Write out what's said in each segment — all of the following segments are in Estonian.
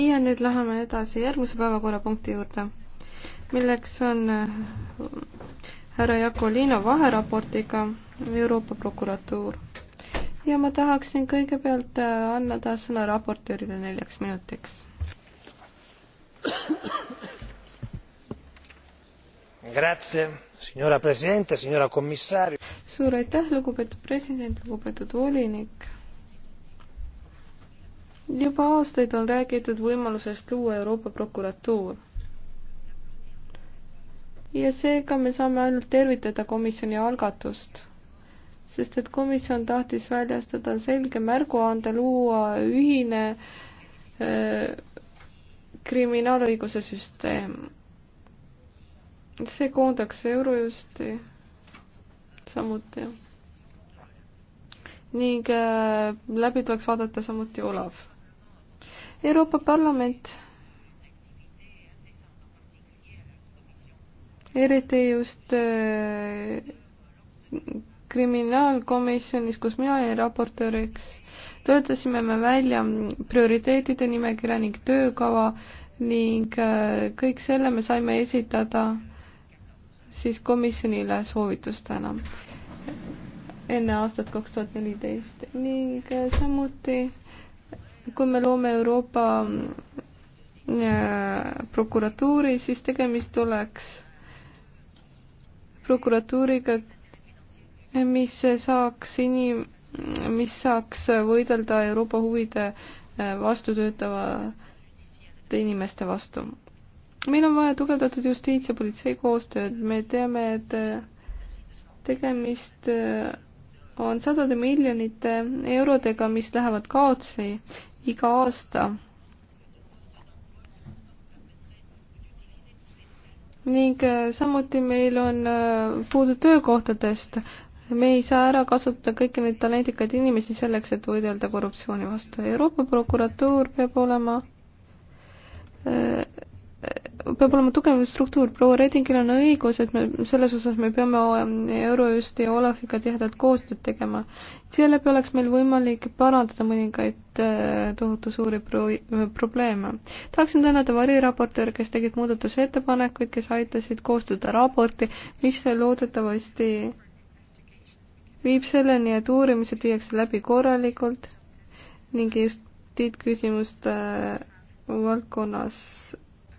ja nüüd läheme edasi järgmise päevakorrapunkti juurde, milleks on äh, härra Jakolino vaheraportiga Euroopa prokuratuur. ja ma tahaksin kõigepealt äh, annada sõna raportöörile neljaks minutiks. Grazie, signora presidente, signora commissario. suur aitäh, lugupeetud president, lugupeetud volinik juba aastaid on räägitud võimalusest luua Euroopa prokuratuur. ja seega me saame ainult tervitada komisjoni algatust, sest et komisjon tahtis väljastada selge märguande luua ühine öö, äh, kriminaalõiguse süsteem. see koondaks Eurojusti samuti ning äh, läbi tuleks vaadata samuti Olav Euroopa Parlament eriti just äh, kriminaalkomisjonis, kus mina olin raportööriks, töötasime me välja prioriteetide nimekirja ning töökava ning äh, kõik selle me saime esitada siis komisjonile soovitustena enne aastat kaks tuhat neliteist ning äh, samuti kui me loome Euroopa äh, prokuratuuri, siis tegemist oleks prokuratuuriga, mis saaks inim-, mis saaks võidelda Euroopa huvide äh, vastu töötavate inimeste vastu. meil on vaja tugevdatud justiits- ja politsei koostööd, me teame, et äh, tegemist on sadade miljonite eurodega, mis lähevad kaotsi iga aasta. ning äh, samuti meil on äh, puudu töökohtadest. me ei saa ära kasutada kõiki neid talendikaid inimesi selleks, et võidelda korruptsiooni vastu. Euroopa prokuratuur peab olema äh, peab olema tugev struktuur, proua Redingil on õigus, et me selles osas me peame Eurojust ja Olafiga tihedalt koostööd tegema. seeläbi oleks meil võimalik parandada mõningaid äh, tohutu suuri pro-, probleeme. tahaksin tänada variraportööre, kes tegid muudatusettepanekuid, kes aitasid koostada raporti, mis loodetavasti viib selleni, et uurimised viiakse läbi korralikult ning just tiitküsimuste äh, valdkonnas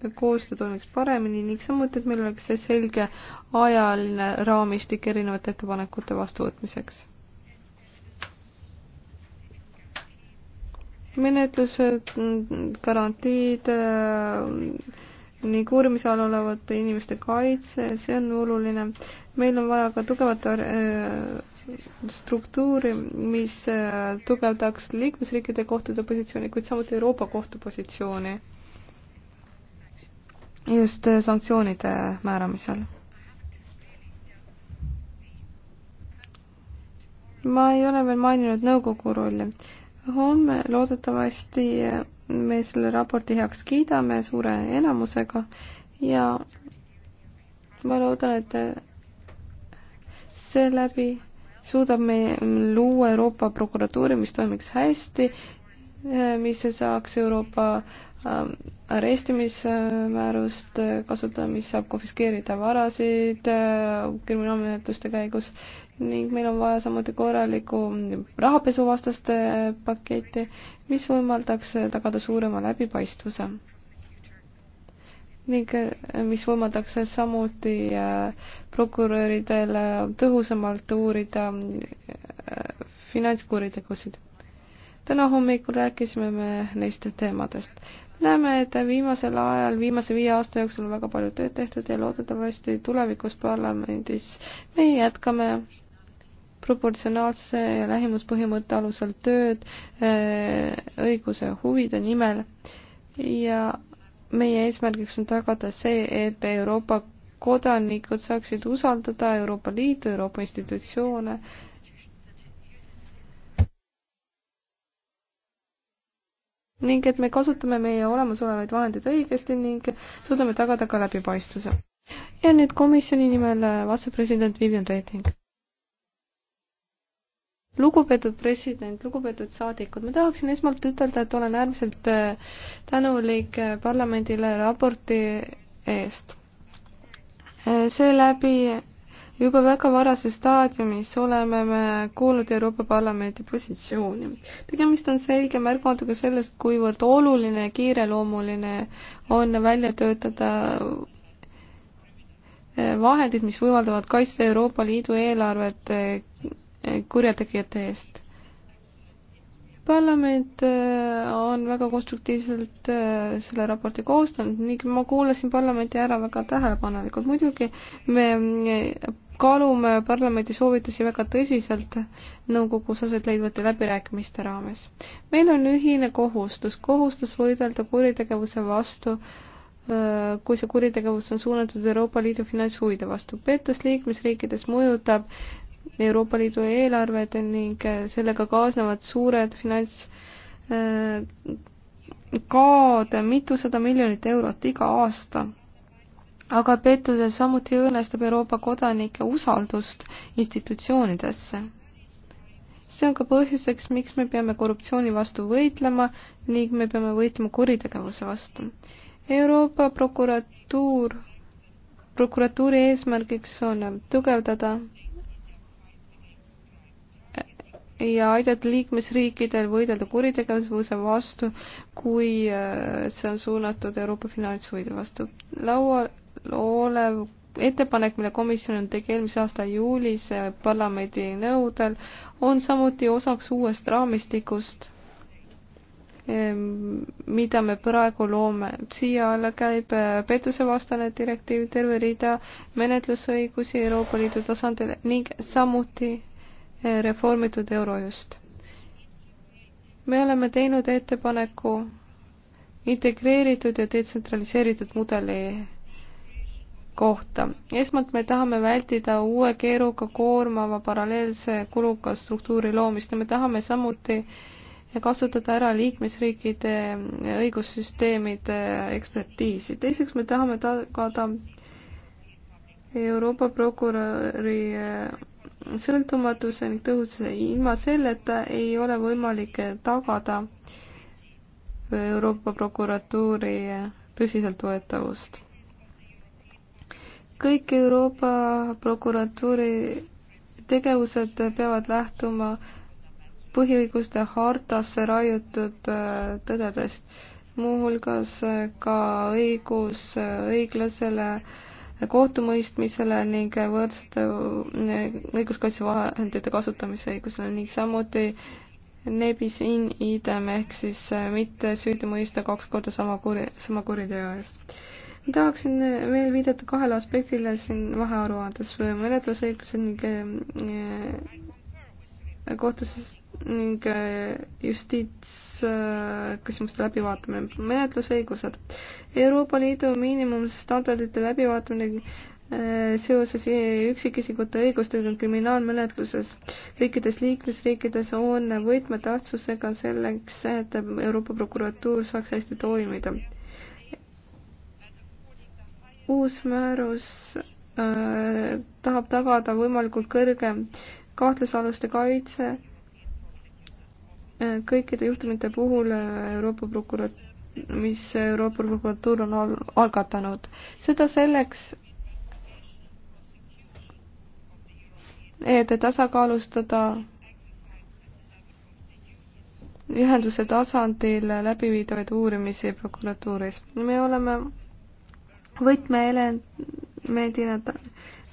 koostöö toimiks paremini ning samuti, et meil oleks see selge ajaline raamistik erinevate ettepanekute vastuvõtmiseks. menetlused, garantiid, äh, ning uurimise all olevate inimeste kaitse, see on oluline. meil on vaja ka tugevat äh, struktuuri, mis äh, tugevdaks liikmesriikide kohtade positsiooni, kuid samuti Euroopa kohtu positsiooni just äh, sanktsioonide määramisel. ma ei ole veel maininud nõukogu rolli. homme loodetavasti me selle raporti heaks kiidame suure enamusega ja ma loodan, et seeläbi suudab me luua Euroopa prokuratuuri, mis toimiks hästi, mis saaks Euroopa Ähm, arestimismäärust äh, kasutada, mis saab konfiskeerida varasid äh, kriminaalmenetluste käigus ning meil on vaja samuti korralikku rahapesuvastaste äh, paketti, mis võimaldaks tagada suurema läbipaistvuse. ning mis võimaldaks samuti prokuröridel tõhusamalt uurida finantskuritegusid täna hommikul rääkisime me neist teemadest. näeme, et viimasel ajal, viimase viie aasta jooksul on väga palju tööd tehtud ja loodetavasti tulevikus parlamendis me jätkame proportsionaalse ja lähimuspõhimõtte alusel tööd eh, õiguse huvide nimel ja meie eesmärgiks on tagada see, et Euroopa kodanikud saaksid usaldada Euroopa Liitu, Euroopa institutsioone ning et me kasutame meie olemasolevaid vahendeid õigesti ning suudame tagada ka läbipaistvuse. ja nüüd komisjoni nimel äh, vastupresident Vivian Reding. lugupeetud president, lugupeetud saadikud, ma tahaksin esmalt ütelda, et olen äärmiselt äh, tänulik äh, parlamendile raporti eest. seeläbi juba väga varases staadiumis oleme me kuulnud Euroopa Parlamendi positsiooni. tegemist on selge märkmaatuga sellest, kuivõrd oluline ja kiireloomuline on välja töötada eh, vahendid, mis võimaldavad kaitsta Euroopa Liidu eelarvet eh, kurjategijate eest. parlament eh, on väga konstruktiivselt selle raporti koostanud ning ma kuulasin parlamenti ära väga tähelepanelikult, muidugi me kaalume parlamendi soovitusi väga tõsiselt nõukogus aset leidvate läbirääkimiste raames. meil on ühine kohustus, kohustus võidelda kuritegevuse vastu, kui see kuritegevus on suunatud Euroopa Liidu finantshuvide vastu. pettus liikmesriikides mõjutab Euroopa Liidu eelarved ning sellega kaasnevad suured finants kaod mitusada miljonit eurot iga aasta aga pettuse samuti õõnestab Euroopa kodanike usaldust institutsioonidesse. see on ka põhjuseks, miks me peame korruptsiooni vastu võitlema ning me peame võitlema kuritegevuse vastu. Euroopa prokuratuur, prokuratuuri eesmärgiks on tugevdada ja aidata liikmesriikidel võidelda kuritegevuse vastu, kui äh, see on suunatud Euroopa finantshuvide vastu. laua olev ettepanek, mille komisjon on tegi eelmise aasta juulis eh, parlamendi nõudel, on samuti osaks uuest raamistikust, eh, mida me praegu loome. siia alla käib eh, pettusevastane direktiiv, terve rida menetlusõigusi Euroopa Liidu tasandil ning samuti reformitud Eurojust. me oleme teinud ettepaneku integreeritud ja detsentraliseeritud mudeli kohta. esmalt me tahame vältida uue keeruga koormava paralleelse kuluka struktuuri loomist ja me tahame samuti kasutada ära liikmesriikide õigussüsteemide ekspertiisi. teiseks me tahame tagada Euroopa prokuröri äh, sõltumatuse ning tõhususe. ilma selleta ei ole võimalik tagada Euroopa prokuratuuri äh, tõsiseltvõetavust kõik Euroopa prokuratuuri tegevused peavad lähtuma põhiõiguste hartasse raiutud äh, tõdedest, muuhulgas äh, ka õigus äh, õiglasele kohtumõistmisele ning võrdsete õiguskaitsevahendite kasutamise õigusele ning samuti nebis in idem ehk siis mitte süüdi mõista kaks korda sama kuri, sama kuriteo eest tahaksin veel viidata kahele aspektile siin vahearuandes, menetlusõigused ning eh, kohtuses ning eh, justiitsküsimuste läbivaatamine, menetlusõigused. Euroopa Liidu miinimumstandardite läbivaatamine eh, seoses üksikisikute õigustega kriminaalmenetluses kõikides liikmesriikides on võtmetähtsusega selleks, et Euroopa prokuratuur saaks hästi toimida uus määrus äh, tahab tagada võimalikult kõrge kahtlusaluste kaitse äh, kõikide juhtumite puhul äh, Euroopa prokurat-, mis Euroopa prokuratuur on al algatanud. seda selleks, et tasakaalustada ühenduse tasandil läbiviidavaid uurimisi prokuratuuris. me oleme võtmeelemendina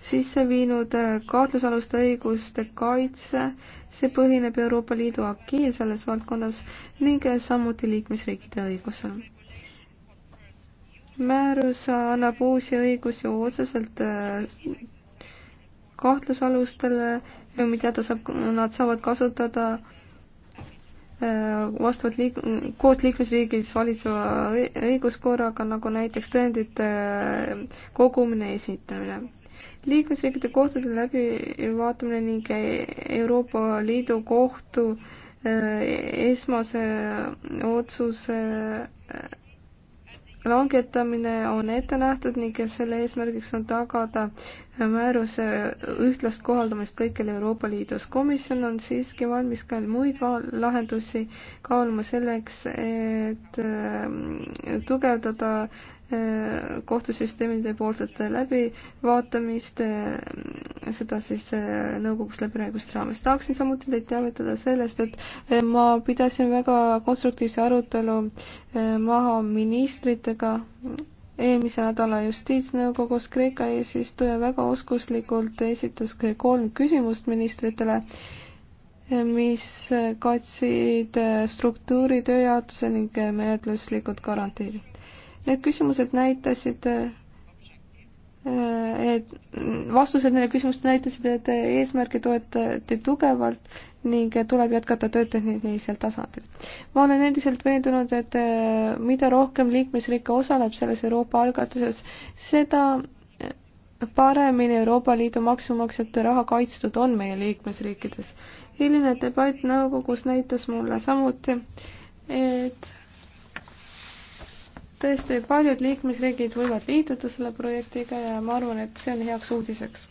sisse viinud äh, kaotlusaluste õiguste kaitse, see põhineb Euroopa Liidu akiil selles valdkonnas ning äh, samuti liikmesriikide õigusel. määrus annab uusi õigusi otseselt äh, kahtlusalustele, mida ta saab, nad saavad kasutada Äh, vastavalt liik-, koos liikmesriigis valitseva õiguskorraga, nagu näiteks tõendite äh, kogumine ja esitamine. liikmesriikide kohtade läbivaatamine ning e-, Euroopa Liidu kohtu äh, esmase otsuse langetamine on ette nähtud ning selle eesmärgiks on tagada määruse ühtlast kohaldamist kõikjal Euroopa Liidus. komisjon on siiski valmis ka muid lahendusi kaaluma selleks, et ähm, tugevdada kohtusüsteemide poolset läbivaatamist, äh, seda siis äh, nõukogus läbirääkimiste raames. tahaksin samuti teid teavitada sellest, et äh, ma pidasin väga konstruktiivse arutelu maha ministritega eelmise nädala justiitsnõukogus Kreeka eesistuja väga oskuslikult esitas kolm küsimust ministritele, mis katsid struktuuri, tööjaotuse ning menetluslikud garantiid Need küsimused näitasid, et vastused neile küsimustele näitasid, et eesmärki toetati tugevalt ning tuleb jätkata tööd tehnilisel tasandil. ma olen endiselt veendunud, et mida rohkem liikmesriike osaleb selles Euroopa algatuses, seda paremini Euroopa Liidu maksumaksjate raha kaitstud on meie liikmesriikides. hiline debatt nõukogus näitas mulle samuti, et tõesti, paljud liikmesriigid võivad liituda selle projektiga ja ma arvan, et see on heaks uudiseks.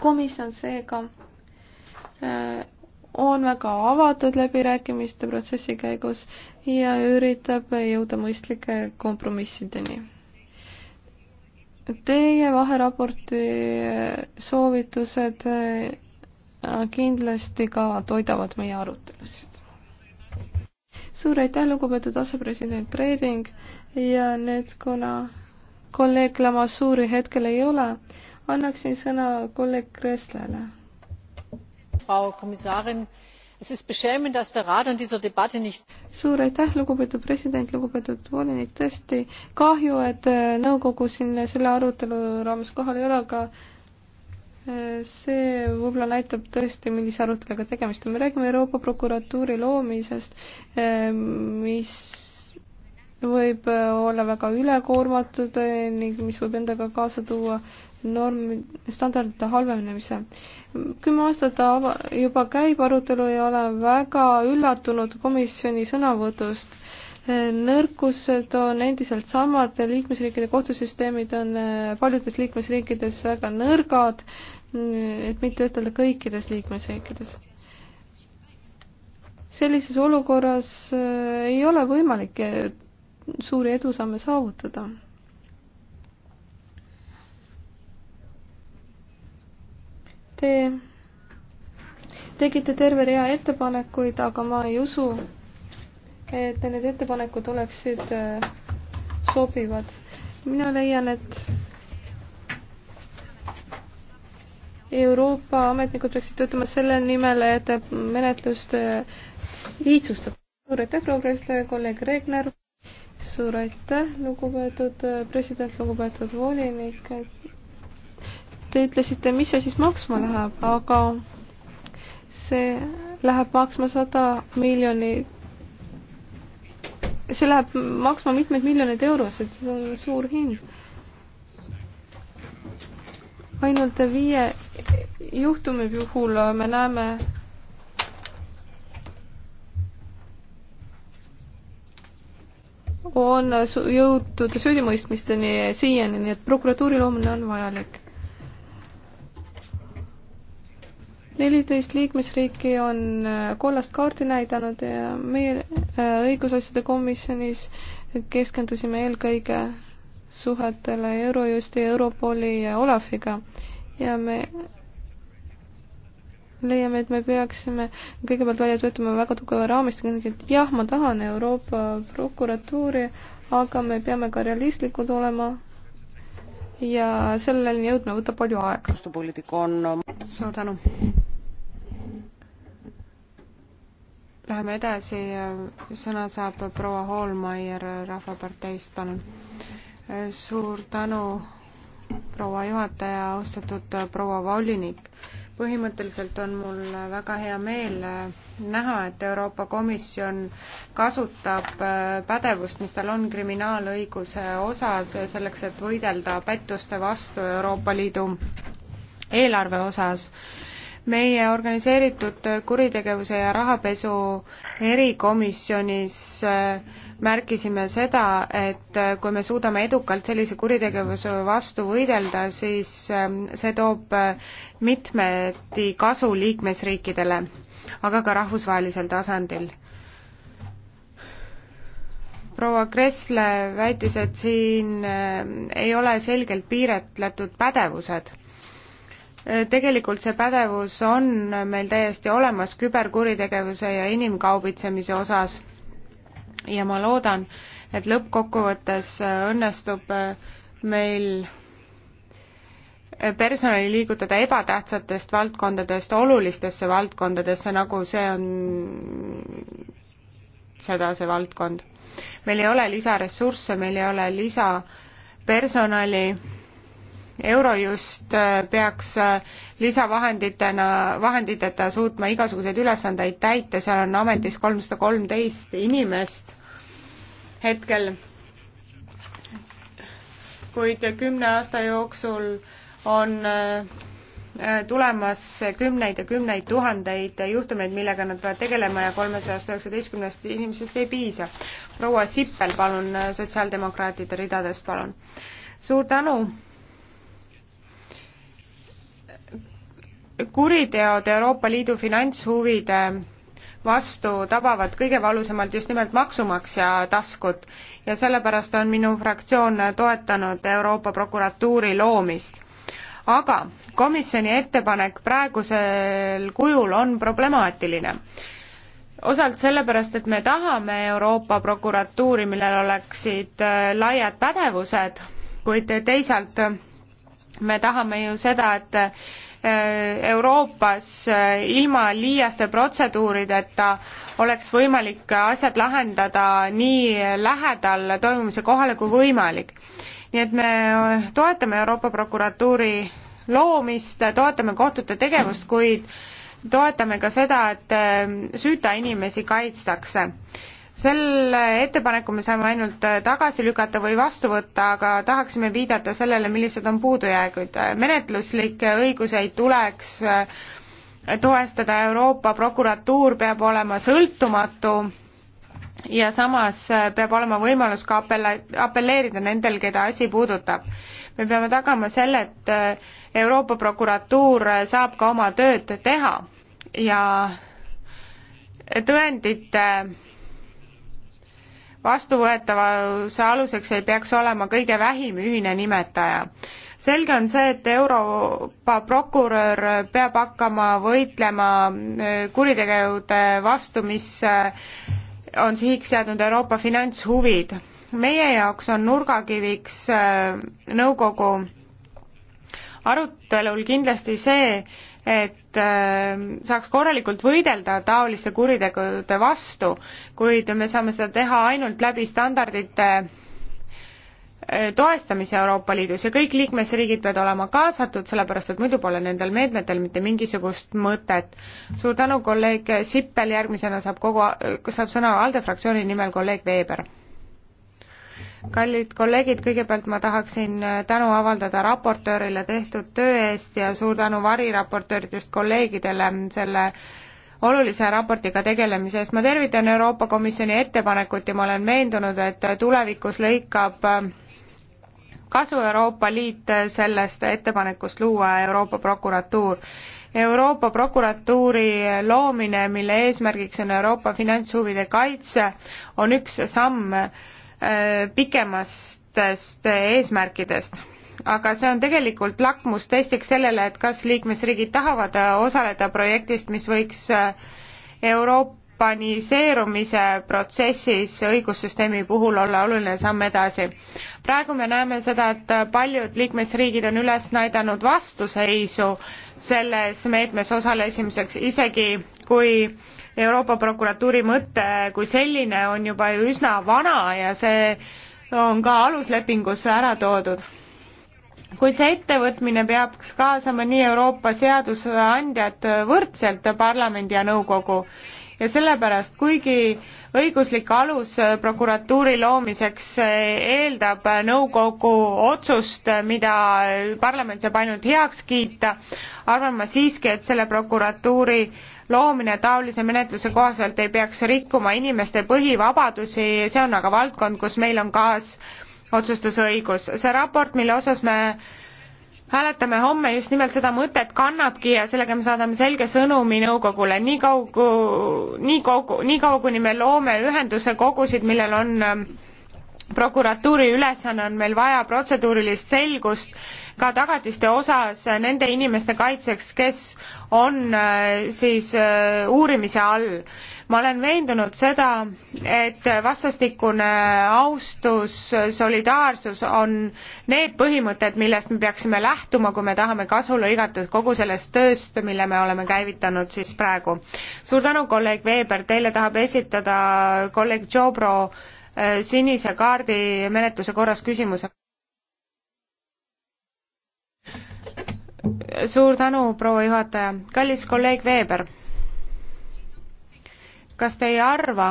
komisjon seega äh, on väga avatud läbirääkimiste protsessi käigus ja üritab jõuda mõistlike kompromissideni. Teie vaheraporti äh, soovitused äh, kindlasti ka toidavad meie arutelusid suur aitäh, lugupeetud asepresident Reding ja nüüd, kuna kolleeg Lamassuuri hetkel ei ole, annaksin sõna kolleeg Kresslale. Frau Kommissarin, es ist beschämend, dass der Rat an dieser Debatte nicht suur aitäh, lugupeetud president, lugupeetud volinik, tõesti kahju, et äh, nõukogu siin selle arutelu raames kohal ei ole, aga see võib-olla näitab tõesti, millise aruteluga tegemist on. me räägime Euroopa prokuratuuri loomisest, eh, mis võib eh, olla väga ülekoormatud eh, ning mis võib endaga kaasa tuua normi, standardite halvenemise. kümme aastat juba käib arutelu ja olen väga üllatunud komisjoni sõnavõtust nõrkused on endiselt samad, liikmesriikide kohtusüsteemid on eh, paljudes liikmesriikides väga nõrgad, mm, et mitte ütelda kõikides liikmesriikides. sellises olukorras eh, ei ole võimalik eh, suuri edusamme saavutada. Te tegite terve rea ettepanekuid, aga ma ei usu, et need ettepanekud oleksid äh, sobivad. mina leian, et Euroopa ametnikud peaksid töötama selle nimel, et menetlust äh, lihtsustab. suur aitäh, progressile kolleeg Regner. suur aitäh, lugupeetud äh, president, lugupeetud volinik. Te ütlesite, mis see siis maksma läheb, aga see läheb maksma sada miljonit see läheb maksma mitmeid miljoneid eurosid, see on suur hind. ainult viie juhtumi puhul me näeme on jõutud süüdimõistmisteni siiani, nii et prokuratuuri loomine on vajalik neliteist liikmesriiki on äh, kollast kaarti näidanud ja meie äh, õigusasjade komisjonis keskendusime eelkõige suhetele Eurojusti, Europoli ja Olafiga ja me leiame, et me peaksime kõigepealt välja töötama väga tugeva raamistiku, et jah, ma tahan Euroopa prokuratuuri, aga me peame ka realistlikud olema ja selleni jõudma võtab palju aega. suur tänu. Läheme edasi, sõna saab proua Hoolmeier Rahvaparteist, palun. suur tänu, proua juhataja, austatud proua volinik. põhimõtteliselt on mul väga hea meel näha, et Euroopa Komisjon kasutab pädevust, mis tal on kriminaalõiguse osas, selleks et võidelda pettuste vastu Euroopa Liidu eelarve osas meie organiseeritud kuritegevuse ja rahapesu erikomisjonis äh, märkisime seda, et äh, kui me suudame edukalt sellise kuritegevuse vastu võidelda, siis ähm, see toob äh, mitmeti kasu liikmesriikidele, aga ka rahvusvahelisel tasandil proua Kressle väitis, et siin ei ole selgelt piiretletud pädevused tegelikult see pädevus on meil täiesti olemas küberkuritegevuse ja inimkaubitsemise osas ja ma loodan, et lõppkokkuvõttes õnnestub äh, meil äh, personali liigutada ebatähtsatest valdkondadest olulistesse valdkondadesse, nagu see on seda, see valdkond. meil ei ole lisaressursse, meil ei ole lisapersonali Eurojust äh, peaks äh, lisavahenditena, vahenditeta suutma igasuguseid ülesandeid täita, seal on ametis kolmsada kolmteist inimest hetkel. kuid kümne aasta jooksul on äh, tulemas kümneid ja kümneid tuhandeid juhtumeid, millega nad peavad tegelema ja kolmesajast üheksateistkümnest inimesest ei piisa. proua Sippel, palun, sotsiaaldemokraatide ridadest, palun. suur tänu kuriteod Euroopa Liidu finantshuvide vastu tabavad kõige valusamalt just nimelt maksumaksja taskut ja sellepärast on minu fraktsioon toetanud Euroopa prokuratuuri loomist. aga komisjoni ettepanek praegusel kujul on problemaatiline. osalt sellepärast, et me tahame Euroopa prokuratuuri, millel oleksid äh, laiad pädevused, kuid teisalt me tahame ju seda, et Äh, Euroopas äh, ilma liiaste protseduurideta oleks võimalik asjad lahendada nii lähedal toimumise kohale kui võimalik. nii et me äh, toetame Euroopa prokuratuuri loomist, toetame kohtute tegevust, kuid toetame ka seda, et süüta inimesi kaitstakse selle ettepaneku me saame ainult äh, tagasi lükata või vastu võtta, aga tahaksime viidata sellele, millised on puudujäägid. menetluslikke õiguseid tuleks äh, toestada, Euroopa prokuratuur peab olema sõltumatu ja samas äh, peab olema võimalus ka apella-, apelleerida nendel, keda asi puudutab. me peame tagama selle, et Euroopa prokuratuur saab ka oma tööd teha ja tõendite vastuvõetavuse aluseks ei peaks olema kõige vähim ühine nimetaja. selge on see, et Euroopa prokurör peab hakkama võitlema äh, kuritegude vastu, mis äh, on sihiks seadnud Euroopa finantshuvid. meie jaoks on nurgakiviks äh, nõukogu arutelul kindlasti see, et ähm, saaks korralikult võidelda taoliste kuritegude vastu, kuid me saame seda teha ainult läbi standardite äh, toestamise Euroopa Liidus ja kõik liikmesriigid peavad olema kaasatud, sellepärast et muidu pole nendel meetmetel mitte mingisugust mõtet. suur tänu, kolleeg Sippel, järgmisena saab kogu, saab sõna ALDE fraktsiooni nimel kolleeg Veeber kallid kolleegid, kõigepealt ma tahaksin äh, tänu avaldada raportöörile tehtud töö eest ja suur tänu variraportööridest kolleegidele selle olulise raportiga tegelemise eest. ma tervitan Euroopa Komisjoni ettepanekut ja ma olen veendunud, et tulevikus lõikab äh, kasu Euroopa Liit äh, sellest ettepanekust luua Euroopa prokuratuur Euroopa prokuratuuri loomine, mille eesmärgiks on Euroopa finantshuvide kaitse, on üks samm Äh, pikemastest eesmärkidest. aga see on tegelikult lakmustestiks sellele, et kas liikmesriigid tahavad äh, osaleda projektist, mis võiks äh, Euroopaniseerumise protsessis õigussüsteemi puhul olla oluline samm edasi. praegu me näeme seda, et paljud liikmesriigid on üles näidanud vastuseisu selles meetmes osalemiseks, isegi kui äh, Euroopa prokuratuuri mõte kui selline on juba ju üsna vana ja see on ka aluslepingus ära toodud. kuid see ettevõtmine peaks kaasama nii Euroopa seadusandjad võrdselt parlamendi ja nõukogu ja sellepärast, kuigi õiguslik alus prokuratuuri loomiseks eeldab nõukogu otsust, mida parlament saab ainult heaks kiita, arvan ma siiski, et selle prokuratuuri loomine taolise menetluse kohaselt ei peaks rikkuma inimeste põhivabadusi, see on aga valdkond, kus meil on kaasotsustusõigus. see raport, mille osas me hääletame homme just nimelt seda mõtet kannabki ja sellega me saadame selge sõnumi nõukogule, nii kaugu, nii kaugu, nii kaua, kuni me loome ühenduse kogusid, millel on ähm, prokuratuuri ülesanne on meil vaja protseduurilist selgust ka tagatiste osas nende inimeste kaitseks, kes on äh, siis äh, uurimise all. ma olen veendunud seda, et vastastikune austus, solidaarsus on need põhimõtted, millest me peaksime lähtuma, kui me tahame kasu lõigata kogu sellest tööst, mille me oleme käivitanud siis praegu. suur tänu, kolleeg Veeber, teile tahab esitada kolleeg Jobro Äh, sinise kaardi menetluse korras küsimuse. suur tänu, proua juhataja. kallis kolleeg Veeber, kas te ei arva,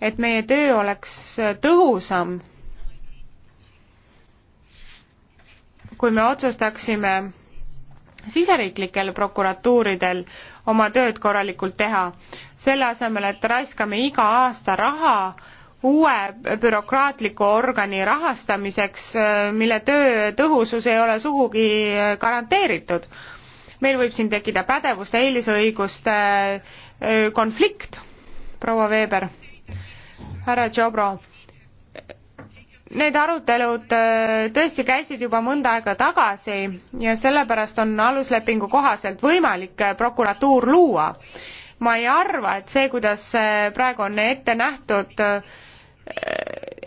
et meie töö oleks tõhusam, kui me otsustaksime siseriiklikel prokuratuuridel äh, oma tööd korralikult teha. selle asemel, et raiskame iga aasta raha uue bürokraatliku organi rahastamiseks, äh, mille töö tõhusus ei ole sugugi äh, garanteeritud. meil võib siin tekkida pädevuste eelisõiguste äh, konflikt, proua Veber, härra Tšobrov Need arutelud äh, tõesti käisid juba mõnda aega tagasi ja sellepärast on aluslepingu kohaselt võimalik äh, prokuratuur luua. ma ei arva, et see, kuidas äh, praegu on ette nähtud,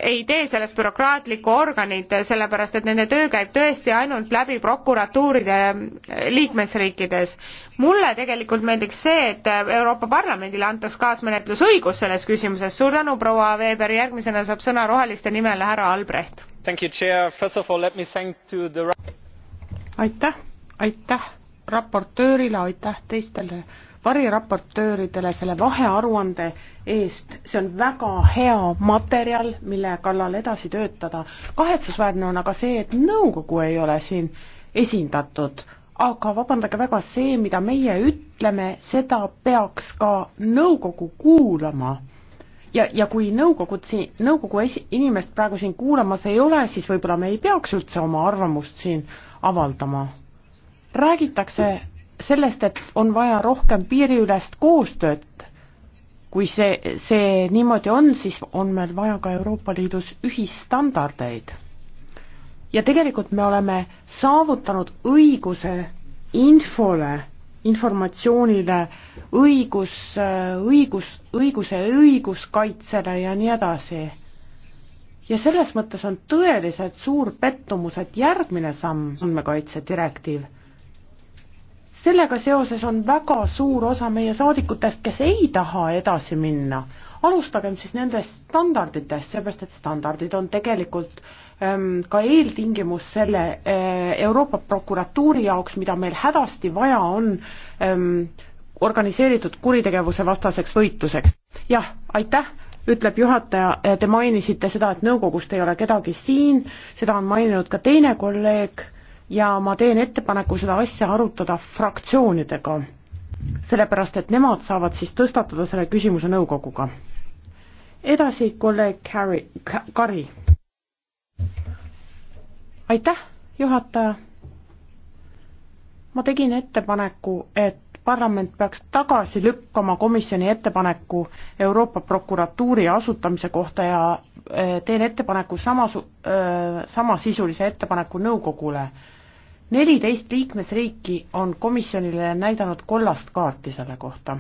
ei tee sellest bürokraatlikku organit, sellepärast et nende töö käib tõesti ainult läbi prokuratuuride eh, liikmesriikides. mulle tegelikult meeldiks see, et Euroopa Parlamendile antaks kaasmenetlusõigus selles küsimuses, suur tänu, proua Weber, järgmisena saab sõna roheliste nimel härra Albrecht. aitäh, aitäh raportöörile, aitäh teistele variraportööridele selle vahearuande eest, see on väga hea materjal, mille kallal edasi töötada. kahetsusväärne on aga see, et nõukogu ei ole siin esindatud, aga vabandage väga, see, mida meie ütleme, seda peaks ka nõukogu kuulama. ja, ja kui nõukogud siin, nõukogu esi-, inimest praegu siin kuulamas ei ole, siis võib-olla me ei peaks üldse oma arvamust siin avaldama. räägitakse sellest, et on vaja rohkem piiriülest koostööd. kui see, see niimoodi on, siis on meil vaja ka Euroopa Liidus ühisstandardeid. ja tegelikult me oleme saavutanud õiguse infole, informatsioonile, õigus, õigus, õiguse õiguskaitsele ja nii edasi. ja selles mõttes on tõeliselt suur pettumus, et järgmine samm, andmekaitse direktiiv sellega seoses on väga suur osa meie saadikutest, kes ei taha edasi minna. alustagem siis nendest standarditest, sellepärast et standardid on tegelikult ähm, ka eeltingimus selle äh, Euroopa prokuratuuri jaoks, mida meil hädasti vaja on ähm, organiseeritud kuritegevuse vastaseks võitluseks. jah, aitäh, ütleb juhataja, äh, te mainisite seda, et nõukogust ei ole kedagi siin, seda on maininud ka teine kolleeg ja ma teen ettepaneku seda asja arutada fraktsioonidega, sellepärast et nemad saavad siis tõstatada selle küsimuse nõukoguga. edasi kolleeg Harry, Kari. aitäh, juhataja. ma tegin ettepaneku, et parlament peaks tagasi lükkama komisjoni ettepaneku Euroopa prokuratuuri asutamise kohta ja äh, teen ettepaneku samas, äh, samasisulise ettepaneku nõukogule. neliteist liikmesriiki on komisjonile näidanud kollast kaarti selle kohta,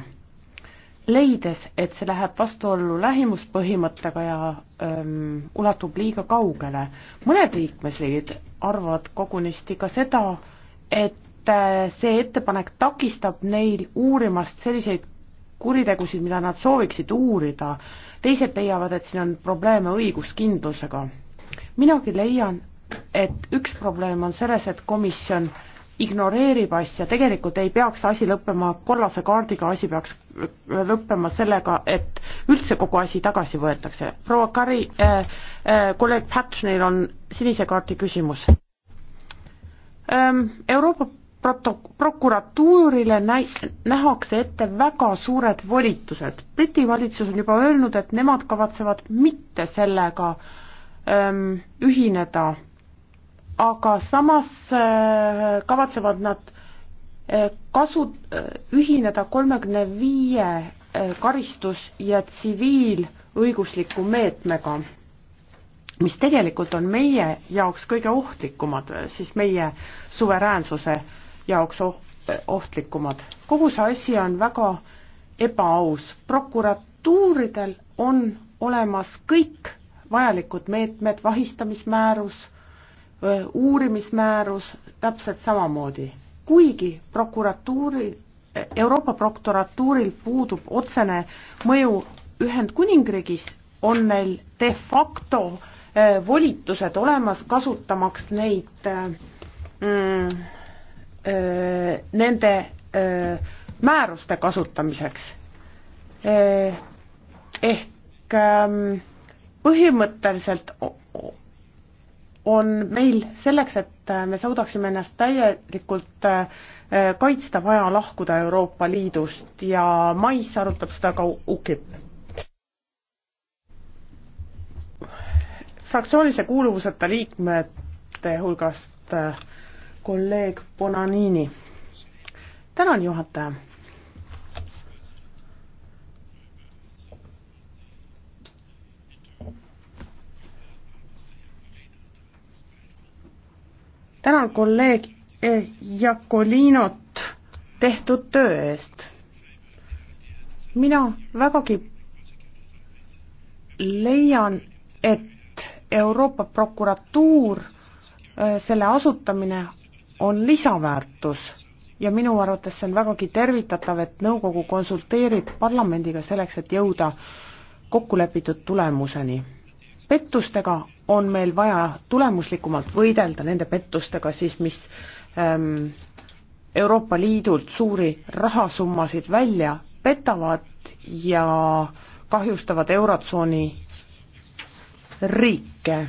leides, et see läheb vastuollu lähimuspõhimõttega ja öö, ähm, ulatub liiga kaugele. mõned liikmesriigid arvavad kogunisti ka seda, et Äh, see ettepanek takistab neil uurimast selliseid kuritegusid, mida nad sooviksid uurida, teised leiavad, et siin on probleeme õiguskindlusega. minagi leian, et üks probleem on selles, et komisjon ignoreerib asja, tegelikult ei peaks asi lõppema kollase kaardiga, asi peaks lõppema sellega, et üldse kogu asi tagasi võetakse. proua Kari äh, äh, kolleeg Patchnil on sinise kaardi küsimus ähm,. Euroopa prokuratuurile näi-, nähakse ette väga suured volitused. Briti valitsus on juba öelnud, et nemad kavatsevad mitte sellega ähm, ühineda, aga samas äh, kavatsevad nad äh, kasu äh,, ühineda kolmekümne viie äh, karistus- ja tsiviilõigusliku meetmega, mis tegelikult on meie jaoks kõige ohtlikumad, äh, siis meie suveräänsuse äh, jaoks oh-, ohtlikumad. kogu see asi on väga ebaaus, prokuratuuridel on olemas kõik vajalikud meetmed, vahistamismäärus, uurimismäärus, täpselt samamoodi. kuigi prokuratuuri, Euroopa prokuratuuril puudub otsene mõju Ühendkuningriigis, on neil de facto volitused olemas, kasutamaks neid mm, nende määruste kasutamiseks. ehk ähm, põhimõtteliselt on meil selleks, et äh, me suudaksime ennast täielikult äh, äh, kaitsta, vaja lahkuda Euroopa Liidust ja mais arutab seda ka UKIP. fraktsioonilise kuuluvuseta liikmete hulgast kolleeg Bonanini. tänan, juhataja. tänan kolleeg Jakolinot tehtud töö eest. mina vägagi leian, et Euroopa prokuratuur, äh, selle asutamine on lisaväärtus ja minu arvates see on vägagi tervitatav, et nõukogu konsulteerib parlamendiga selleks, et jõuda kokkulepitud tulemuseni. pettustega on meil vaja tulemuslikumalt võidelda nende pettustega siis, mis ähm, Euroopa Liidult suuri rahasummasid välja petavad ja kahjustavad Eurotsooni riike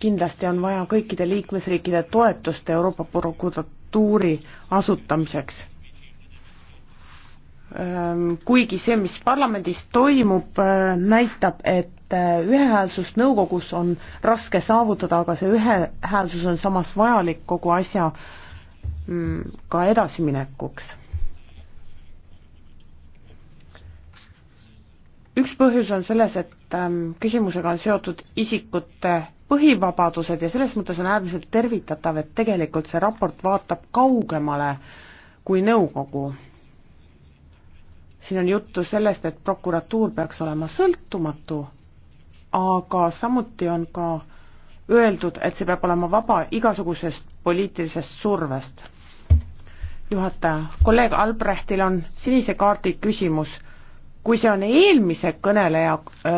kindlasti on vaja kõikide liikmesriikide toetust Euroopa prokuratuuri asutamiseks. Ehm, kuigi see, mis parlamendis toimub, äh, näitab, et äh, ühehäälsust nõukogus on raske saavutada, aga see ühehäälsus on samas vajalik kogu asja mm, ka edasiminekuks. üks põhjus on selles, et ehm, küsimusega on seotud isikute põhivabadused ja selles mõttes on äärmiselt tervitatav, et tegelikult see raport vaatab kaugemale kui nõukogu. siin on juttu sellest, et prokuratuur peaks olema sõltumatu, aga samuti on ka öeldud, et see peab olema vaba igasugusest poliitilisest survest. juhataja, kolleeg Albrechtil on sinise kaardi küsimus kui see on eelmise kõneleja,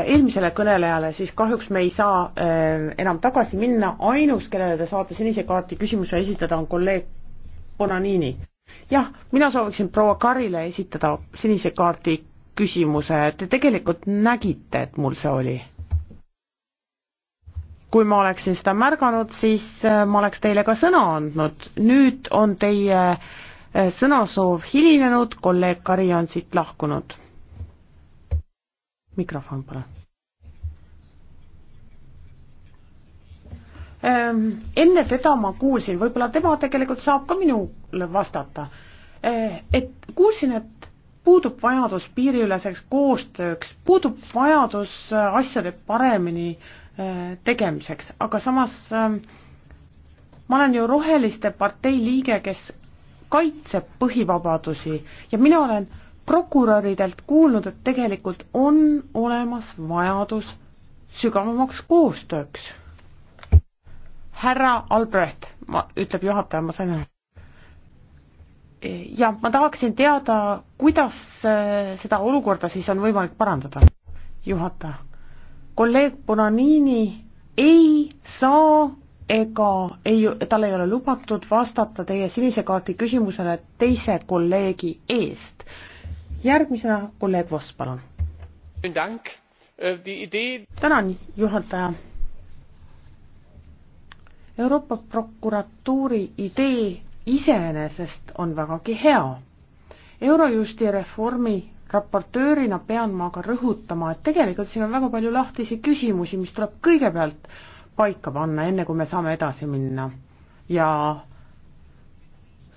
eelmisele kõnelejale, siis kahjuks me ei saa äh, enam tagasi minna, ainus, kellele te saate sinise kaarti küsimuse esitada, on kolleeg Bonanini. jah, mina sooviksin proua Karile esitada sinise kaardi küsimuse, te tegelikult nägite, et mul see oli? kui ma oleksin seda märganud, siis äh, ma oleks teile ka sõna andnud, nüüd on teie äh, sõnasoov hilinenud, kolleeg Kari on siit lahkunud mikrofon, palun. Ähm, enne teda ma kuulsin, võib-olla tema tegelikult saab ka minule vastata, äh, et kuulsin, et puudub vajadus piiriüleseks koostööks, puudub vajadus äh, asjade paremini äh, tegemiseks, aga samas ähm, ma olen ju Roheliste partei liige, kes kaitseb põhivabadusi ja mina olen äh, prokuröridelt kuulnud, et tegelikult on olemas vajadus sügavamaks koostööks. härra Albrecht, ma, ütleb juhataja, ma sain aru. E, jah, ma tahaksin teada, kuidas e, seda olukorda siis on võimalik parandada, juhataja. kolleeg Bonanini ei saa ega ei, tal ei ole lubatud vastata teie sinise kaardi küsimusele teise kolleegi eest järgmisena kolleeg Voss, palun. Äh, tänan, juhataja. Euroopa prokuratuuri idee iseenesest on vägagi hea. Eurojusti reformi raportöörina pean ma aga rõhutama, et tegelikult siin on väga palju lahtisi küsimusi, mis tuleb kõigepealt paika panna, enne kui me saame edasi minna. ja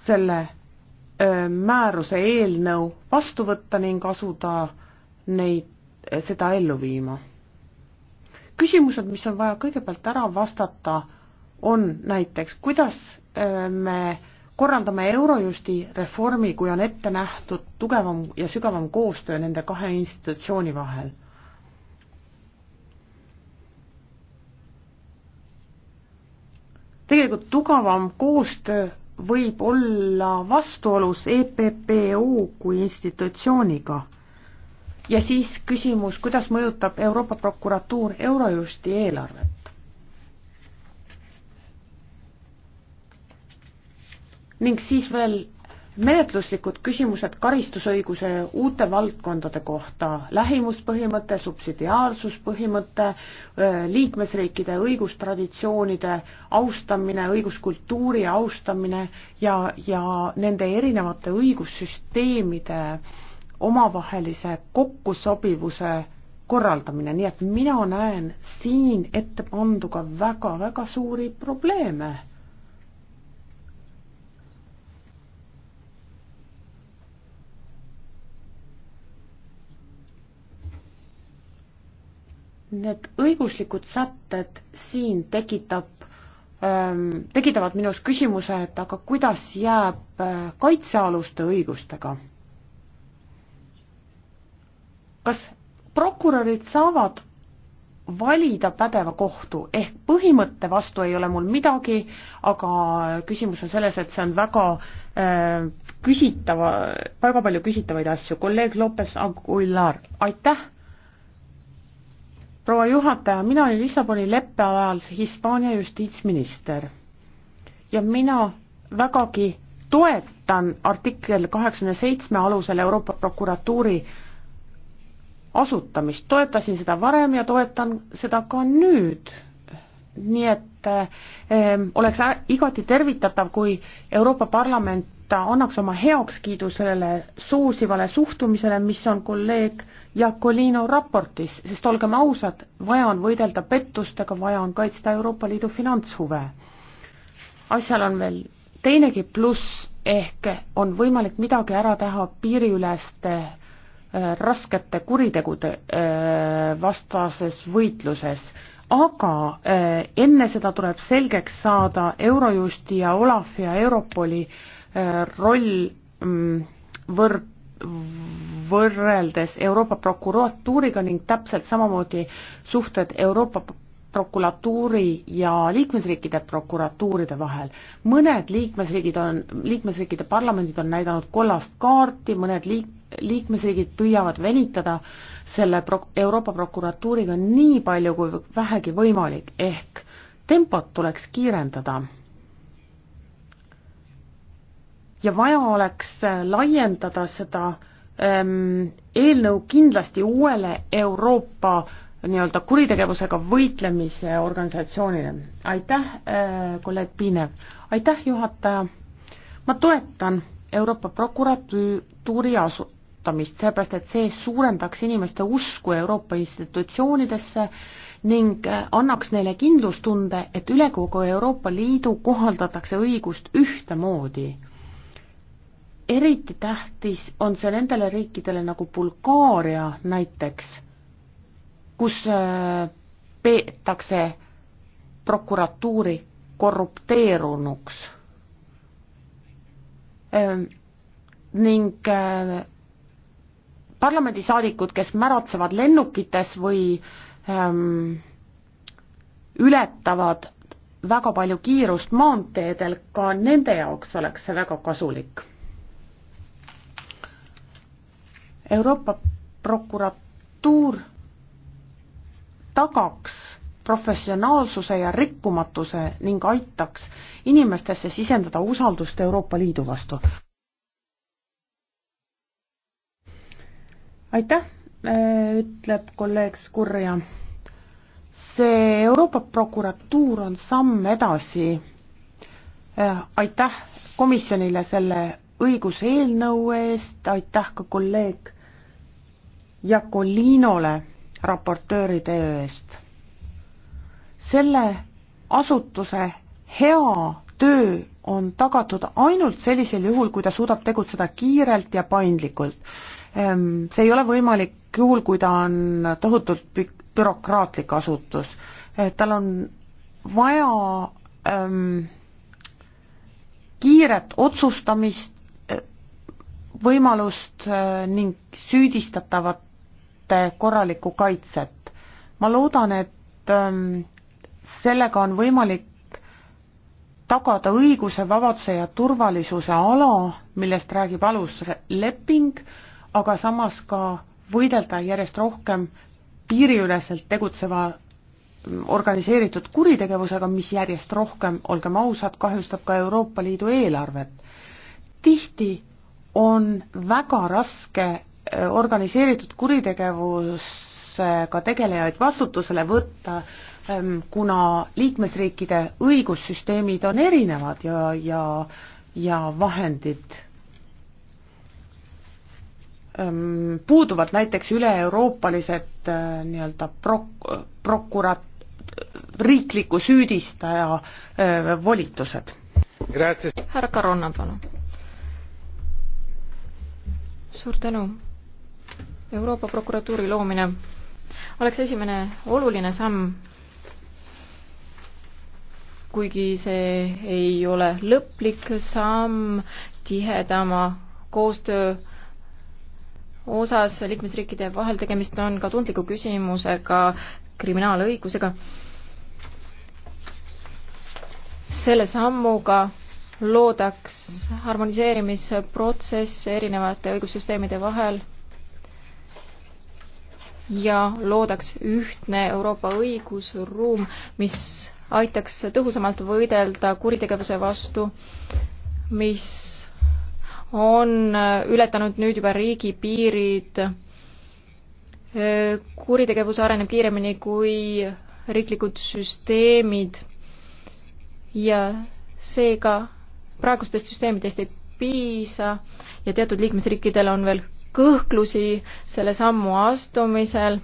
selle määruse eelnõu vastu võtta ning asuda neid, seda ellu viima. küsimused, mis on vaja kõigepealt ära vastata, on näiteks, kuidas me korraldame Eurojusti reformi, kui on ette nähtud tugevam ja sügavam koostöö nende kahe institutsiooni vahel? tegelikult tugevam koostöö võib olla vastuolus EPPO kui institutsiooniga. ja siis küsimus, kuidas mõjutab Euroopa Prokuratuur Eurojusti eelarvet? ning siis veel menetluslikud küsimused karistusõiguse uute valdkondade kohta, lähimuspõhimõte, subsidiaarsuspõhimõte, liikmesriikide õigustraditsioonide austamine, õiguskultuuri austamine ja, ja nende erinevate õigussüsteemide omavahelise kokkusobivuse korraldamine, nii et mina näen siin ette panduga väga-väga suuri probleeme Need õiguslikud sätted siin tekitab, ähm, tekitavad minus küsimuse, et aga kuidas jääb äh, kaitsealuste õigustega? kas prokurörid saavad valida pädeva kohtu, ehk põhimõtte vastu ei ole mul midagi, aga küsimus on selles, et see on väga äh, küsitava, väga palju küsitavaid asju. kolleeg Lopez Aguilar, aitäh! proua juhataja, mina olin Lissaboni leppe ajal Hispaania justiitsminister ja mina vägagi toetan artikkel kaheksakümne seitsme alusel Euroopa prokuratuuri asutamist, toetasin seda varem ja toetan seda ka nüüd. nii et äh, oleks igati tervitatav, kui Euroopa Parlament ta annaks oma heakskiidu sellele soosivale suhtumisele, mis on kolleeg Jakolino raportis, sest olgem ausad, vaja on võidelda pettustega, vaja on kaitsta Euroopa Liidu finantshuve. asjal on veel teinegi pluss, ehk on võimalik midagi ära teha piiriüleste äh, raskete kuritegude äh, vastases võitluses, aga äh, enne seda tuleb selgeks saada Eurojusti ja Olafi ja Europoli äh, roll mm, võr-, võrreldes Euroopa prokuratuuriga ning täpselt samamoodi suhted Euroopa prokuratuuri ja liikmesriikide prokuratuuride vahel. mõned liikmesriigid on, liikmesriikide parlamendid on näidanud kollast kaarti, mõned liik-, liikmesriigid püüavad venitada selle pro-, Euroopa prokuratuuriga nii palju kui vähegi võimalik, ehk tempot tuleks kiirendada ja vaja oleks äh, laiendada seda ähm, eelnõu kindlasti uuele Euroopa nii-öelda kuritegevusega võitlemise organisatsioonile. aitäh äh,, kolleeg Piinev. aitäh, juhataja. ma toetan Euroopa prokuratuuri asutamist, sellepärast et see suurendaks inimeste usku Euroopa institutsioonidesse ning äh, annaks neile kindlustunde, et üle kogu Euroopa Liidu kohaldatakse õigust ühtemoodi eriti tähtis on see nendele riikidele nagu Bulgaaria näiteks, kus äh, peetakse prokuratuuri korrupteerunuks ähm, ning äh, parlamendisaadikud, kes märatsevad lennukites või ähm, ületavad väga palju kiirust maanteedel, ka nende jaoks oleks see väga kasulik Euroopa prokuratuur tagaks professionaalsuse ja rikkumatuse ning aitaks inimestesse sisendada usaldust Euroopa Liidu vastu. aitäh, äh, ütleb kolleeg Skurja. see Euroopa prokuratuur on samm edasi. Äh, aitäh komisjonile selle õiguseelnõu eest, aitäh ka kolleeg Jakolinole raportööri töö eest. selle asutuse hea töö on tagatud ainult sellisel juhul, kui ta suudab tegutseda kiirelt ja paindlikult. Ehm, see ei ole võimalik juhul, kui ta on tohutult bürokraatlik asutus. Eh, tal on vaja ähm, kiiret otsustamist, võimalust äh, ning süüdistatavate korralikku kaitset. ma loodan, et ähm, sellega on võimalik tagada õiguse, vabaduse ja turvalisuse ala, millest räägib alusleping, aga samas ka võidelda järjest rohkem piiriüleselt tegutseva mm, organiseeritud kuritegevusega, mis järjest rohkem, olgem ausad, kahjustab ka Euroopa Liidu eelarvet. tihti on väga raske eh, organiseeritud kuritegevusega tegelejaid vastutusele võtta, ehm, kuna liikmesriikide õigussüsteemid on erinevad ja, ja, ja vahendid ehm, puuduvad näiteks üle-euroopalised eh, nii-öelda prok-, prokurat-, riikliku süüdistaja eh, volitused. härra Karonna, palun suur tänu. Euroopa prokuratuuri loomine oleks esimene oluline samm, kuigi see ei ole lõplik samm tihedama koostöö osas liikmesriikide vahel, tegemist on ka tundliku küsimusega, kriminaalõigusega. selle sammuga loodaks harmoniseerimisprotsess erinevate õigussüsteemide vahel ja loodaks ühtne Euroopa õigusruum, mis aitaks tõhusamalt võidelda kuritegevuse vastu, mis on ületanud nüüd juba riigipiirid. kuritegevus areneb kiiremini kui riiklikud süsteemid ja seega praegustest süsteemidest ei piisa ja teatud liikmesriikidel on veel kõhklusi selle sammu astumisel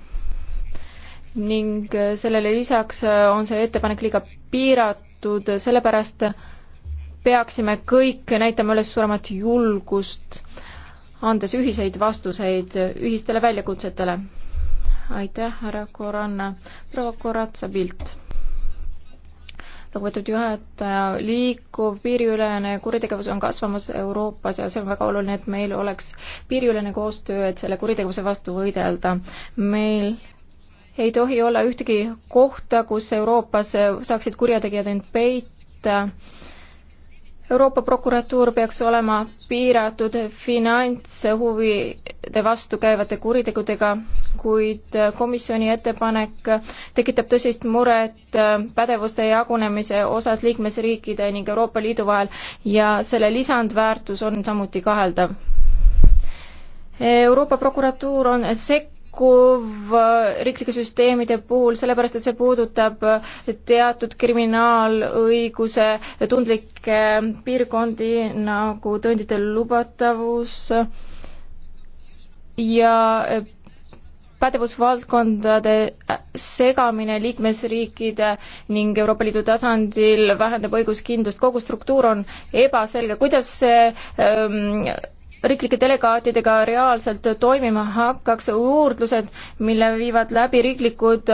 ning äh, sellele lisaks äh, on see ettepanek liiga piiratud, äh, sellepärast peaksime kõik näitama üles suuremat julgust, andes ühiseid vastuseid ühistele väljakutsetele. aitäh, härra Koranna. proua Koratsa-Pilt lugupeetud juhataja, liikuv piiriülene kuritegevus on kasvamas Euroopas ja see on väga oluline, et meil oleks piiriülene koostöö, et selle kuritegevuse vastu võidelda. meil ei tohi olla ühtegi kohta, kus Euroopas saaksid kurjategijad end peita Euroopa prokuratuur peaks olema piiratud finantshuvi kuritegude vastu käivate kuritegudega, kuid äh, komisjoni ettepanek tekitab tõsist muret äh, pädevuste jagunemise osas liikmesriikide ning Euroopa Liidu vahel ja selle lisandväärtus on samuti kaheldav. Euroopa prokuratuur on sekk-, sekkuv äh, riiklike süsteemide puhul, sellepärast et see puudutab teatud kriminaalõiguse tundlikke piirkondi nagu tõendite lubatavus äh,, ja e, pädevusvaldkondade äh, segamine liikmesriikide ning Euroopa Liidu tasandil vähendab õiguskindlust, kogu struktuur on ebaselge, kuidas see ähm, riiklike delegaatidega reaalselt toimima hakkaks, juurdlused, mille viivad läbi riiklikud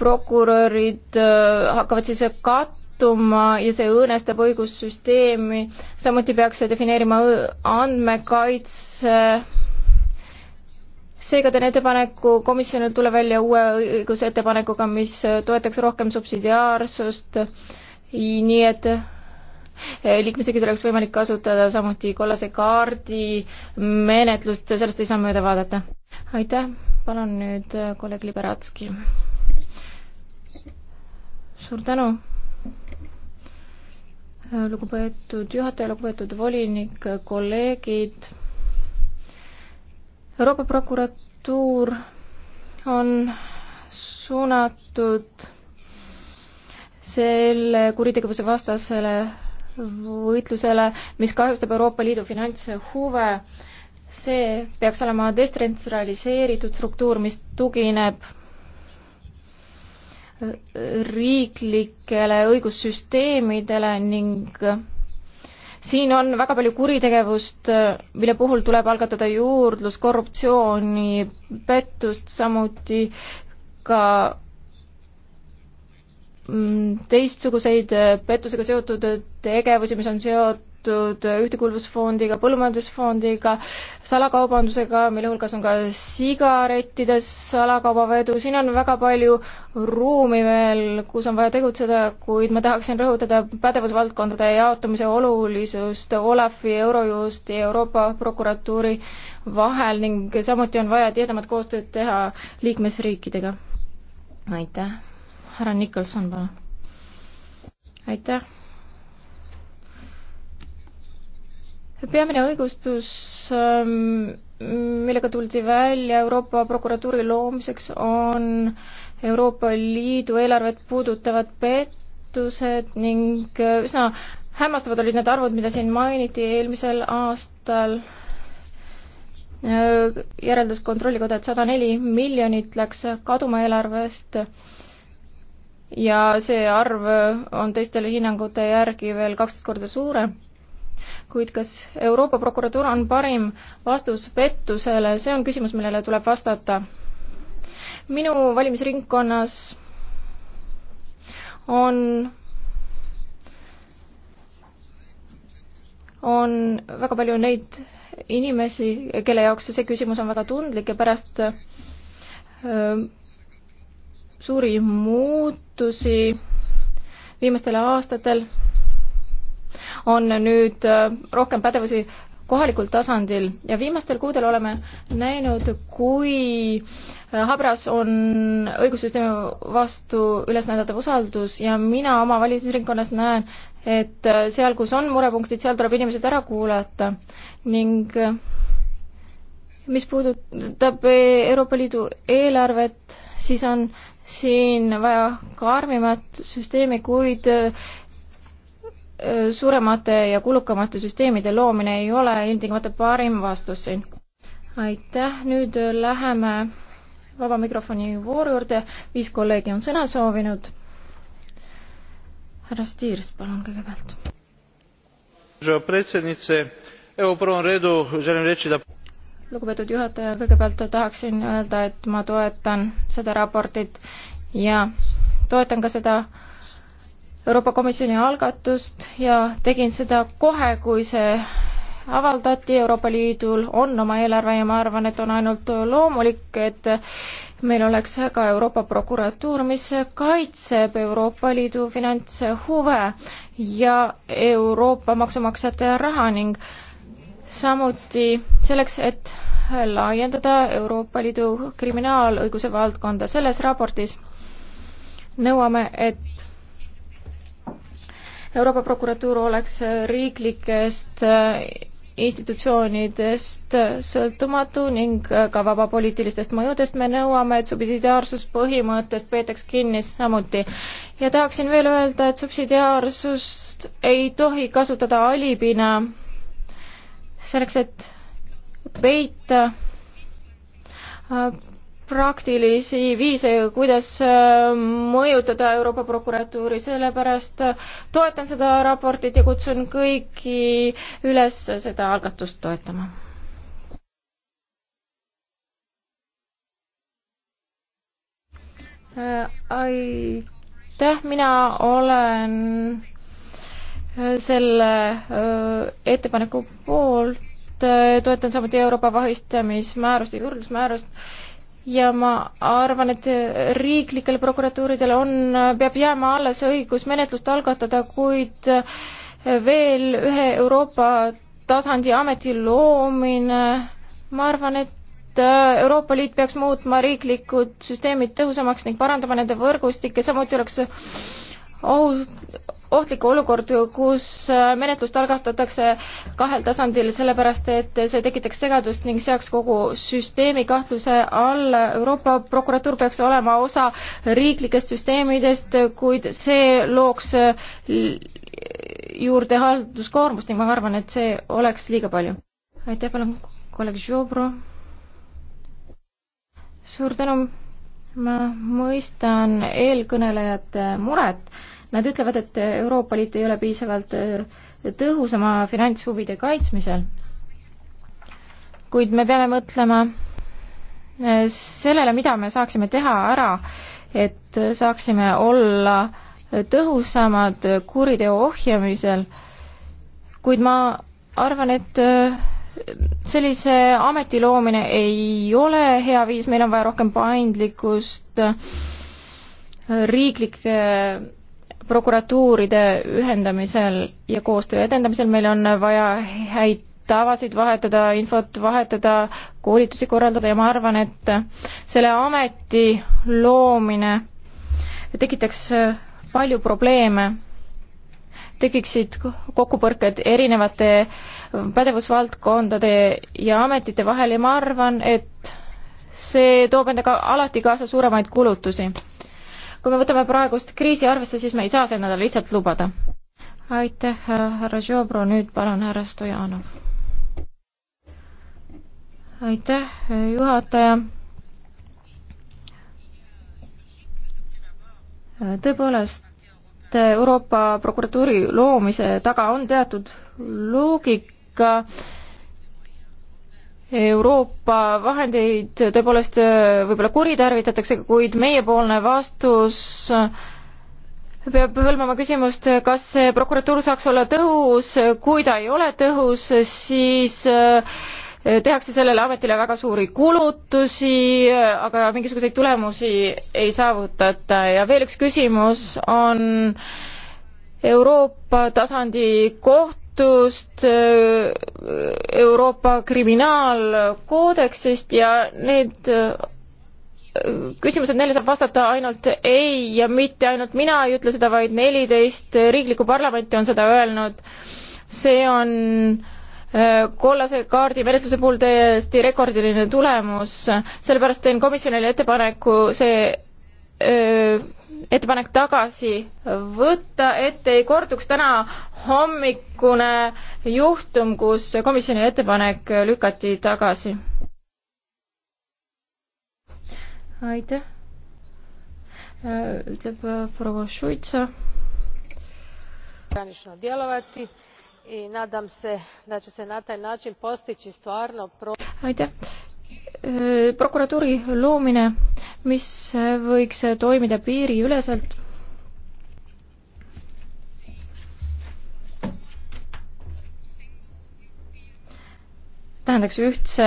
prokurörid äh, hakkavad siis kattuma ja see õõnestab õigussüsteemi, samuti peaks see defineerima andmekaitse äh, seega teen ettepaneku komisjonil tulla välja uue õigusettepanekuga, mis toetaks rohkem subsidiaarsust, nii et eh, liikmesriigid oleks võimalik kasutada samuti kollase kaardi menetlust, sellest ei saa mööda vaadata. aitäh, palun nüüd eh, kolleeg Liberatski. suur tänu, lugupeetud juhataja, lugupeetud volinik, kolleegid Euroopa prokuratuur on suunatud selle kuritegevuse vastasele võitlusele, mis kahjustab Euroopa Liidu finantshuve. see peaks olema detsentraliseeritud struktuur, mis tugineb riiklikele õigussüsteemidele ning siin on väga palju kuritegevust, äh, mille puhul tuleb algatada juurdlus, korruptsiooni, pettust, samuti ka mm, teistsuguseid äh, pettusega seotud tegevusi, mis on seotud seotud Ühtekuuluvusfondiga, Põllumajandusfondiga, salakaubandusega, mille hulgas on ka sigarettide salakaubavedu, siin on väga palju ruumi veel, kus on vaja tegutseda, kuid ma tahaksin rõhutada pädevusvaldkondade jaotumise olulisust Olafi, Eurojusti, Euroopa prokuratuuri vahel ning samuti on vaja tihedamat koostööd teha liikmesriikidega. aitäh. härra Nikolson, palun. aitäh peamine õigustus, ähm, millega tuldi välja Euroopa prokuratuuri loomiseks, on Euroopa Liidu eelarvet puudutavad pettused ning äh, üsna hämmastavad olid need arvud, mida siin mainiti eelmisel aastal. Äh, järeldas Kontrollikoda, et sada neli miljonit läks kaduma eelarvest ja see arv on teistele hinnangute järgi veel kaksteist korda suurem kuid kas Euroopa prokuratuur on parim vastus pettusele, see on küsimus, millele tuleb vastata. minu valimisringkonnas on, on väga palju neid inimesi, kelle jaoks see küsimus on väga tundlik ja pärast öö, suuri muutusi viimastel aastatel on nüüd äh, rohkem pädevusi kohalikul tasandil ja viimastel kuudel oleme näinud, kui äh, habras on õigussüsteemi vastu üles näidatav usaldus ja mina oma valimisringkonnas näen, et äh, seal, kus on murepunktid, seal tuleb inimesed ära kuulata ning mis puudutab e-, Euroopa Liidu eelarvet, siis on siin vaja karmimat süsteemi, kuid suuremate ja kulukamate süsteemide loomine ei ole ilmtingimata parim vastus siin. aitäh, nüüd läheme vaba mikrofoni vooru juurde, viis kolleegi on sõna soovinud. härra Stiirs, palun kõigepealt. lugupeetud juhataja, kõigepealt tahaksin öelda, et ma toetan seda raportit ja toetan ka seda Euroopa Komisjoni algatust ja tegin seda kohe, kui see avaldati, Euroopa Liidul on oma eelarve ja ma arvan, et on ainult loomulik, et meil oleks ka Euroopa prokuratuur, mis kaitseb Euroopa Liidu finantshuve ja Euroopa maksumaksjate raha ning samuti selleks, et laiendada Euroopa Liidu kriminaalõiguse valdkonda. selles raportis nõuame, et Euroopa prokuratuur oleks riiklikest äh, institutsioonidest äh, sõltumatu ning äh, ka vaba poliitilistest mõjudest me nõuame, et subsidiaarsuspõhimõttest peetaks kinni samuti. ja tahaksin veel öelda, et subsidiaarsust ei tohi kasutada alibina selleks, et peita praktilisi viise, kuidas äh, mõjutada Euroopa prokuratuuri, sellepärast äh, toetan seda raportit ja kutsun kõiki üles seda algatust toetama. Äh, aitäh, mina olen selle ettepaneku poolt, toetan samuti Euroopa vahistamismäärust ja juurdlusmäärust ja ma arvan, et riiklikel prokuratuuridel on, peab jääma alles õigus menetlust algatada, kuid veel ühe Euroopa tasandi ameti loomine, ma arvan, et Euroopa Liit peaks muutma riiklikud süsteemid tõhusamaks ning parandama nende võrgustikke, samuti oleks ohu, ohtlikku olukorda, kus äh, menetlust algatatakse kahel tasandil, sellepärast et see tekitaks segadust ning seaks kogu süsteemi kahtluse all. Euroopa prokuratuur peaks olema osa riiklikest süsteemidest, kuid see looks äh, juurde halduskoormust ning ma arvan, et see oleks liiga palju. aitäh, palun, kolleeg Žobro. suur tänu ma mõistan eelkõnelejate muret Nad ütlevad, et Euroopa Liit ei ole piisavalt äh, tõhus oma finantshuvide kaitsmisel. kuid me peame mõtlema äh, sellele, mida me saaksime teha ära, et saaksime olla äh, tõhusamad kuriteo ohjamisel, kuid ma arvan, et sellise ameti loomine ei ole hea viis, meil on vaja rohkem paindlikkust, riiklike prokuratuuride ühendamisel ja koostöö edendamisel meil on vaja häid tavasid vahetada, infot vahetada, koolitusi korraldada ja ma arvan, et selle ameti loomine tekitaks palju probleeme, tekiksid kokkupõrked erinevate pädevusvaldkondade ja ametite vahel ja ma arvan, et see toob endaga alati kaasa suuremaid kulutusi kui me võtame praegust kriisi arvesse, siis me ei saa seda lihtsalt lubada. aitäh, härra Žobro, nüüd palun härra Stojanov. aitäh, juhataja tõepoolest, Euroopa prokuratuuri loomise taga on teatud loogika, Euroopa vahendeid tõepoolest äh, võib-olla kuritarvitatakse, kuid meiepoolne vastus äh, peab hõlmama küsimust, kas prokuratuur saaks olla tõhus, kui ta ei ole tõhus, siis äh, tehakse sellele ametile väga suuri kulutusi, aga mingisuguseid tulemusi ei saavutata ja veel üks küsimus on Euroopa tasandi koht, kohtust, Euroopa kriminaalkoodeksist ja need küsimused, neile saab vastata ainult ei ja mitte ainult mina ei ütle seda, vaid neliteist riiklikku parlamenti on seda öelnud. see on äh, kollase kaardi menetluse puhul täiesti rekordiline tulemus, sellepärast teen komisjonile ettepaneku see öö, äh, ettepanek tagasi võtta, et ei korduks täna hommikune juhtum, kus komisjoni ettepanek lükati tagasi. aitäh, ütleb äh, proua Šuitsa. granično djelovati i nadam se da će se na taj način postići stvarno aitäh, äh, prokuratuuri loomine mis võiks toimida piiriüleselt. tähendaks ühtse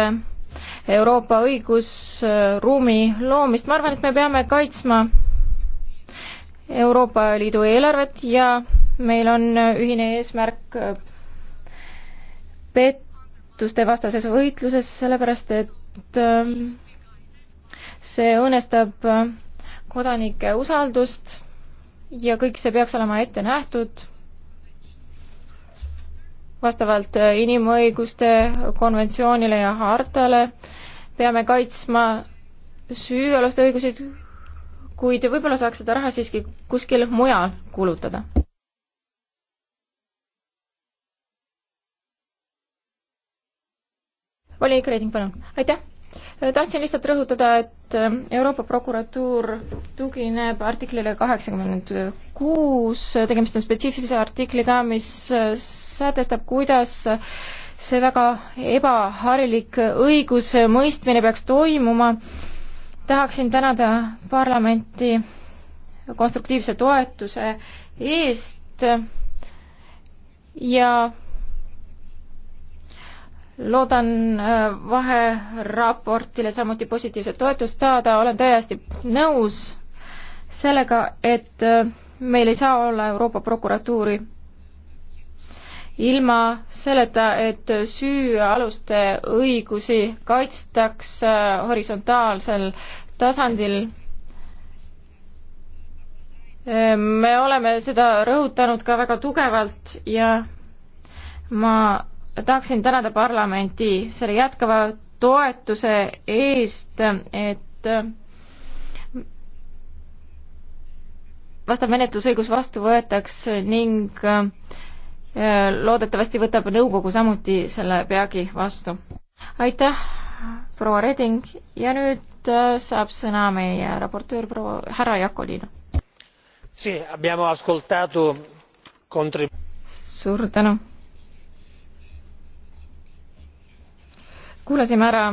Euroopa õigusruumi loomist, ma arvan, et me peame kaitsma Euroopa Liidu eelarvet ja meil on ühine eesmärk pettuste vastases võitluses, sellepärast et ähm, see õõnestab äh, kodanike usaldust ja kõik see peaks olema ette nähtud vastavalt äh, inimõiguste konventsioonile ja hartale. peame kaitsma süüaluste õiguseid, kuid võib-olla saaks seda raha siiski kuskil mujal kulutada. volinik Reiding, palun. aitäh tahtsin lihtsalt rõhutada, et äh, Euroopa prokuratuur tugineb artiklile kaheksakümmend kuus, tegemist on spetsiifilise artikliga, mis äh, sätestab, kuidas see väga ebaharilik õigusemõistmine peaks toimuma. tahaksin tänada parlamenti konstruktiivse toetuse eest ja loodan äh, vaheraportile samuti positiivset toetust saada, olen täiesti nõus sellega, et äh, meil ei saa olla Euroopa prokuratuuri ilma selleta, et süüaluste õigusi kaitstaks horisontaalsel tasandil. Äh, me oleme seda rõhutanud ka väga tugevalt ja ma tahaksin tänada parlamenti selle jätkava toetuse eest, et vastav menetlusõigus vastu võetaks ning äh, loodetavasti võtab nõukogu samuti selle peagi vastu. aitäh, proua Reding ja nüüd äh, saab sõna meie raportöör proua härra Jakolino. suur tänu kuulasime ära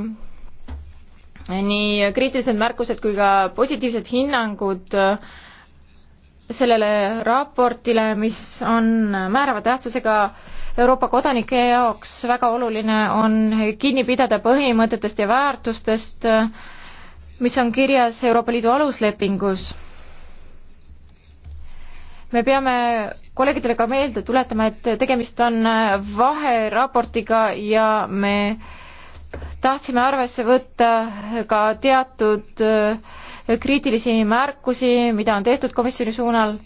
nii kriitilised märkused kui ka positiivsed hinnangud äh, sellele raportile, mis on määrava tähtsusega Euroopa kodanike jaoks väga oluline on kinni pidada põhimõtetest ja väärtustest, äh, mis on kirjas Euroopa Liidu aluslepingus. me peame kolleegidele ka meelde tuletama, et tegemist on äh, vaheraportiga ja me äh, tahtsime arvesse võtta ka teatud äh, kriitilisi märkusi, mida on tehtud komisjoni suunal.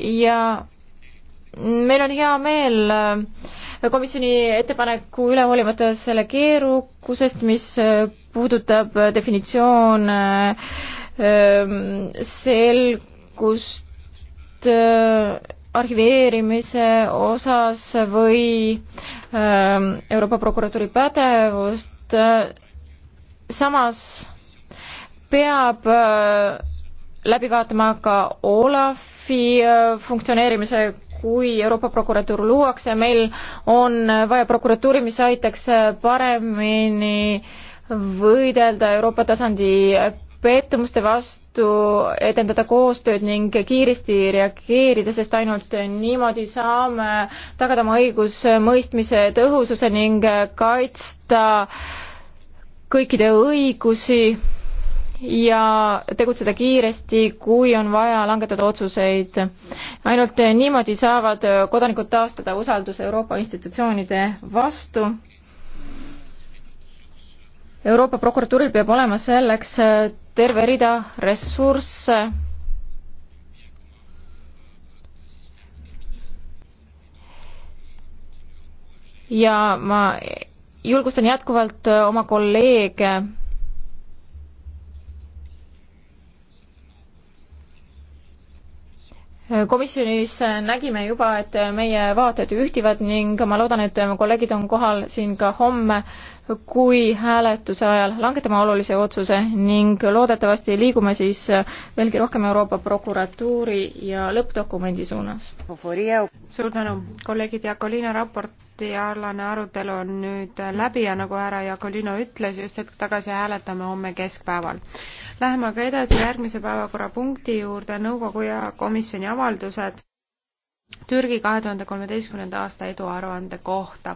ja meil on hea meel äh, komisjoni ettepaneku üle hoolimata selle keerukusest, mis äh, puudutab definitsioon selgust arhiveerimise osas või ähm, Euroopa prokuratuuri pädevust, äh, samas peab äh, läbi vaatama ka Olafi äh, funktsioneerimise, kui Euroopa prokuratuur luuakse, meil on vaja prokuratuuri, mis aitaks paremini võidelda Euroopa tasandi pettumuste vastu edendada koostööd ning kiiresti reageerida, sest ainult niimoodi saame tagada oma õigusmõistmise tõhususe ning kaitsta kõikide õigusi ja tegutseda kiiresti, kui on vaja langetada otsuseid. ainult niimoodi saavad kodanikud taastada usalduse Euroopa institutsioonide vastu Euroopa prokuratuuril peab olema selleks terve rida ressursse ja ma julgustan jätkuvalt oma kolleege komisjonis nägime juba, et meie vaated ühtivad ning ma loodan, et kolleegid on kohal siin ka homme kui hääletuse ajal langetama olulise otsuse ning loodetavasti liigume siis veelgi rohkem Euroopa prokuratuuri ja lõppdokumendi suunas. suur tänu, kolleegid, Jakolina raporti alane arutelu on nüüd läbi ja nagu härra Jakolino ütles, just hetk tagasi hääletame homme keskpäeval. Läheme aga edasi järgmise päevakorrapunkti juurde, nõukogu ja komisjoni avaldused Türgi kahe tuhande kolmeteistkümnenda aasta eduaruande kohta